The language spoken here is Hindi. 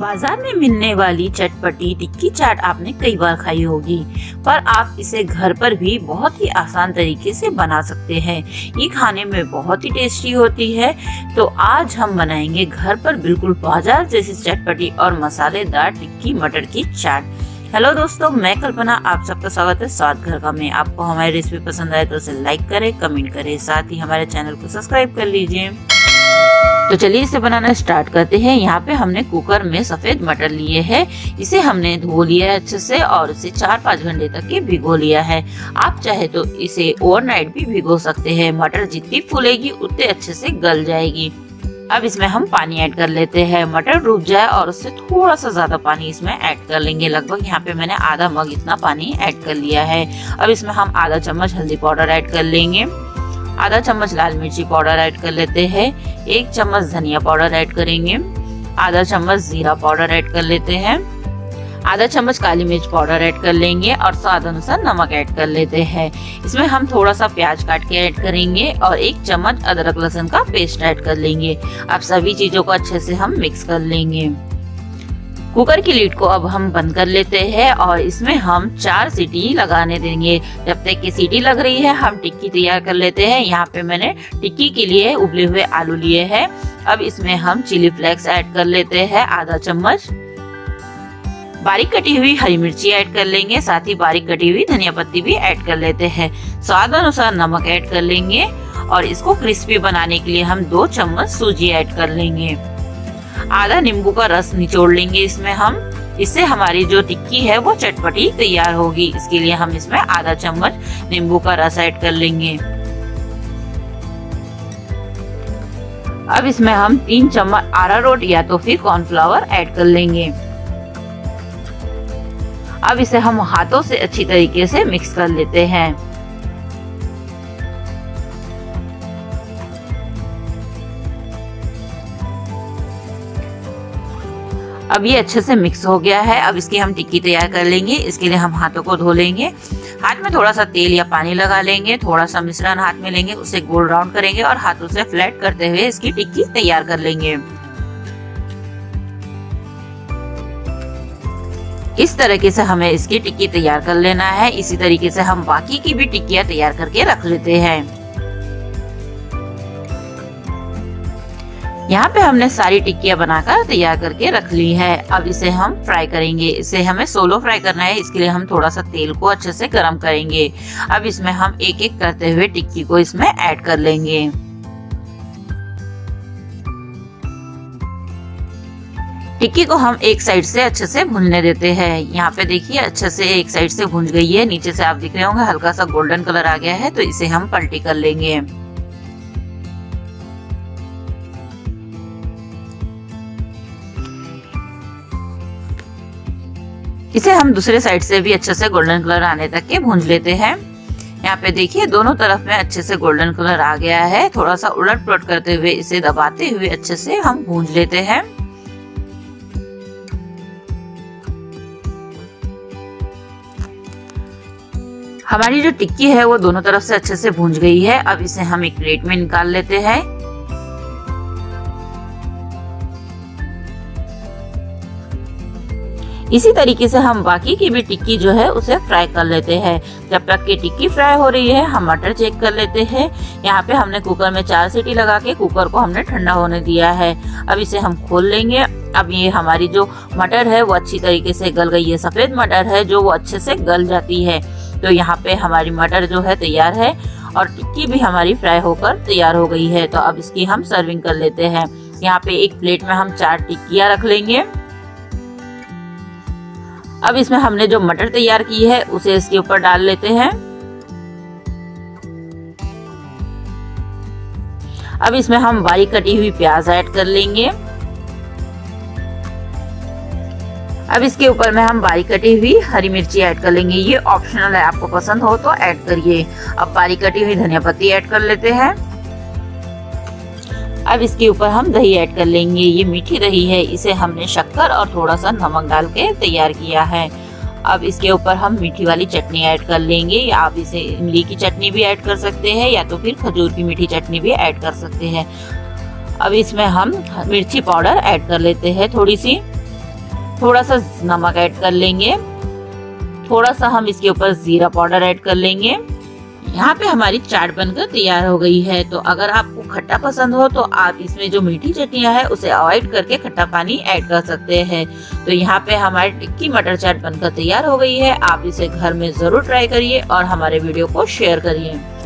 बाजार में मिलने वाली चटपटी टिक्की चाट आपने कई बार खाई होगी पर आप इसे घर पर भी बहुत ही आसान तरीके से बना सकते हैं ये खाने में बहुत ही टेस्टी होती है तो आज हम बनाएंगे घर पर बिल्कुल बाजार जैसी चटपटी और मसालेदार टिक्की मटर की चाट हेलो दोस्तों मैं कल्पना आप सबका स्वागत है स्वाद घर का में आपको हमारी रेसिपी पसंद आए तो उसे लाइक करें कमेंट करें साथ ही हमारे चैनल को सब्सक्राइब कर लीजिए तो चलिए इसे बनाना स्टार्ट करते हैं यहाँ पे हमने कुकर में सफेद मटर लिए हैं इसे हमने धो लिया है अच्छे से और इसे चार पाँच घंटे तक के भिगो लिया है आप चाहे तो इसे ओवरनाइट भी भिगो सकते हैं मटर जितनी फूलेगी उतने अच्छे से गल जाएगी अब इसमें हम पानी ऐड कर लेते हैं मटर डूब जाए और उससे थोड़ा सा ज्यादा पानी इसमें ऐड कर लेंगे लगभग यहाँ पे मैंने आधा मग इतना पानी ऐड कर लिया है अब इसमें हम आधा चम्मच हल्दी पाउडर ऐड कर लेंगे आधा चम्मच लाल मिर्ची पाउडर ऐड कर लेते हैं एक चम्मच धनिया पाउडर ऐड करेंगे आधा चम्मच जीरा पाउडर ऐड कर लेते हैं आधा चम्मच काली मिर्च पाउडर ऐड कर लेंगे और स्वाद अनुसार नमक ऐड कर लेते हैं इसमें हम थोड़ा सा प्याज काट के ऐड करेंगे और एक चम्मच अदरक लहसुन का पेस्ट ऐड कर लेंगे अब सभी चीज़ों को अच्छे से हम मिक्स कर लेंगे कुकर की लीड को अब हम बंद कर लेते हैं और इसमें हम चार सीटी लगाने देंगे जब तक की सीटी लग रही है हम टिक्की तैयार कर लेते हैं यहाँ पे मैंने टिक्की के लिए उबले हुए आलू लिए हैं अब इसमें हम चिली फ्लेक्स ऐड कर लेते हैं आधा चम्मच बारीक कटी हुई हरी मिर्ची ऐड कर लेंगे साथ ही बारीक कटी हुई धनिया पत्ती भी ऐड कर लेते हैं स्वाद अनुसार नमक ऐड कर लेंगे और इसको क्रिस्पी बनाने के लिए हम दो चम्मच सूजी ऐड कर लेंगे आधा नींबू का रस निचोड़ लेंगे इसमें हम इससे हमारी जो टिक्की है वो चटपटी तैयार होगी इसके लिए हम इसमें आधा चम्मच नींबू का रस ऐड कर लेंगे अब इसमें हम तीन चम्मच आरा रोट या तो फिर कॉर्नफ्लावर ऐड कर लेंगे अब इसे हम हाथों से अच्छी तरीके से मिक्स कर लेते हैं अब ये अच्छे से मिक्स हो गया है अब इसकी हम टिक्की तैयार कर लेंगे इसके लिए हम हाथों को धो लेंगे हाथ में थोड़ा सा तेल या पानी लगा लेंगे थोड़ा सा मिश्रण हाथ में लेंगे उसे गोल राउंड करेंगे और हाथों से फ्लैट करते हुए इसकी टिक्की तैयार कर लेंगे इस तरीके से हमें इसकी टिक्की तैयार कर लेना है इसी तरीके से हम बाकी की भी टिक्कियाँ तैयार करके रख लेते हैं यहाँ पे हमने सारी टिक्किया बनाकर तैयार करके रख ली है अब इसे हम फ्राई करेंगे इसे हमें सोलो फ्राई करना है इसके लिए हम थोड़ा सा तेल को अच्छे से गर्म करेंगे अब इसमें हम एक एक करते हुए टिक्की को इसमें ऐड कर लेंगे टिक्की को हम एक साइड से अच्छे से भूनने देते हैं यहाँ पे देखिए अच्छे से एक साइड से भूज गई है नीचे से आप देख रहे होंगे हल्का सा गोल्डन कलर आ गया है तो इसे हम पलटी कर लेंगे इसे हम दूसरे साइड से भी अच्छे से गोल्डन कलर आने तक के भूंज लेते हैं यहाँ पे देखिए दोनों तरफ में अच्छे से गोल्डन कलर आ गया है थोड़ा सा उलट पलट करते हुए इसे दबाते हुए अच्छे से हम भूंज लेते हैं हमारी जो टिक्की है वो दोनों तरफ से अच्छे से भूंज गई है अब इसे हम एक प्लेट में निकाल लेते हैं इसी तरीके से हम बाकी की भी टिक्की जो है उसे फ्राई कर लेते हैं जब तक की टिक्की फ्राई हो रही है हम मटर चेक कर लेते हैं यहाँ पे हमने कुकर में चार सीटी लगा के कुकर को हमने ठंडा होने दिया है अब इसे हम खोल लेंगे अब ये हमारी जो मटर है वो अच्छी तरीके से गल गई है सफेद मटर है जो वो अच्छे से गल जाती है तो यहाँ पे हमारी मटर जो है तैयार है और टिक्की भी हमारी फ्राई होकर तैयार हो गई है तो अब इसकी हम सर्विंग कर लेते हैं यहाँ पे एक प्लेट में हम चार टिक्कियाँ रख लेंगे अब इसमें हमने जो मटर तैयार की है उसे इसके ऊपर डाल लेते हैं अब इसमें हम बारीक कटी हुई प्याज ऐड कर लेंगे अब इसके ऊपर में हम बारीक कटी हुई हरी मिर्ची ऐड कर लेंगे ये ऑप्शनल है आपको पसंद हो तो ऐड करिए अब बारीक कटी हुई धनिया पत्ती ऐड कर लेते हैं अब इसके ऊपर हम दही ऐड कर लेंगे ये मीठी दही है इसे हमने शक्कर और थोड़ा सा नमक डाल के तैयार किया है अब इसके ऊपर हम मीठी वाली चटनी ऐड कर लेंगे या आप इसे इमली की चटनी भी ऐड कर सकते हैं या तो फिर खजूर की मीठी चटनी भी ऐड कर सकते हैं अब इसमें हम मिर्ची पाउडर ऐड कर लेते हैं थोड़ी सी थोड़ा सा नमक ऐड कर लेंगे थोड़ा सा हम इसके ऊपर जीरा पाउडर ऐड कर लेंगे यहाँ पे हमारी चाट बनकर तैयार हो गई है तो अगर आपको खट्टा पसंद हो तो आप इसमें जो मीठी चटनियाँ है उसे अवॉइड करके खट्टा पानी ऐड कर सकते हैं तो यहाँ पे हमारी टिक्की मटर चाट बनकर तैयार हो गई है आप इसे घर में जरूर ट्राई करिए और हमारे वीडियो को शेयर करिए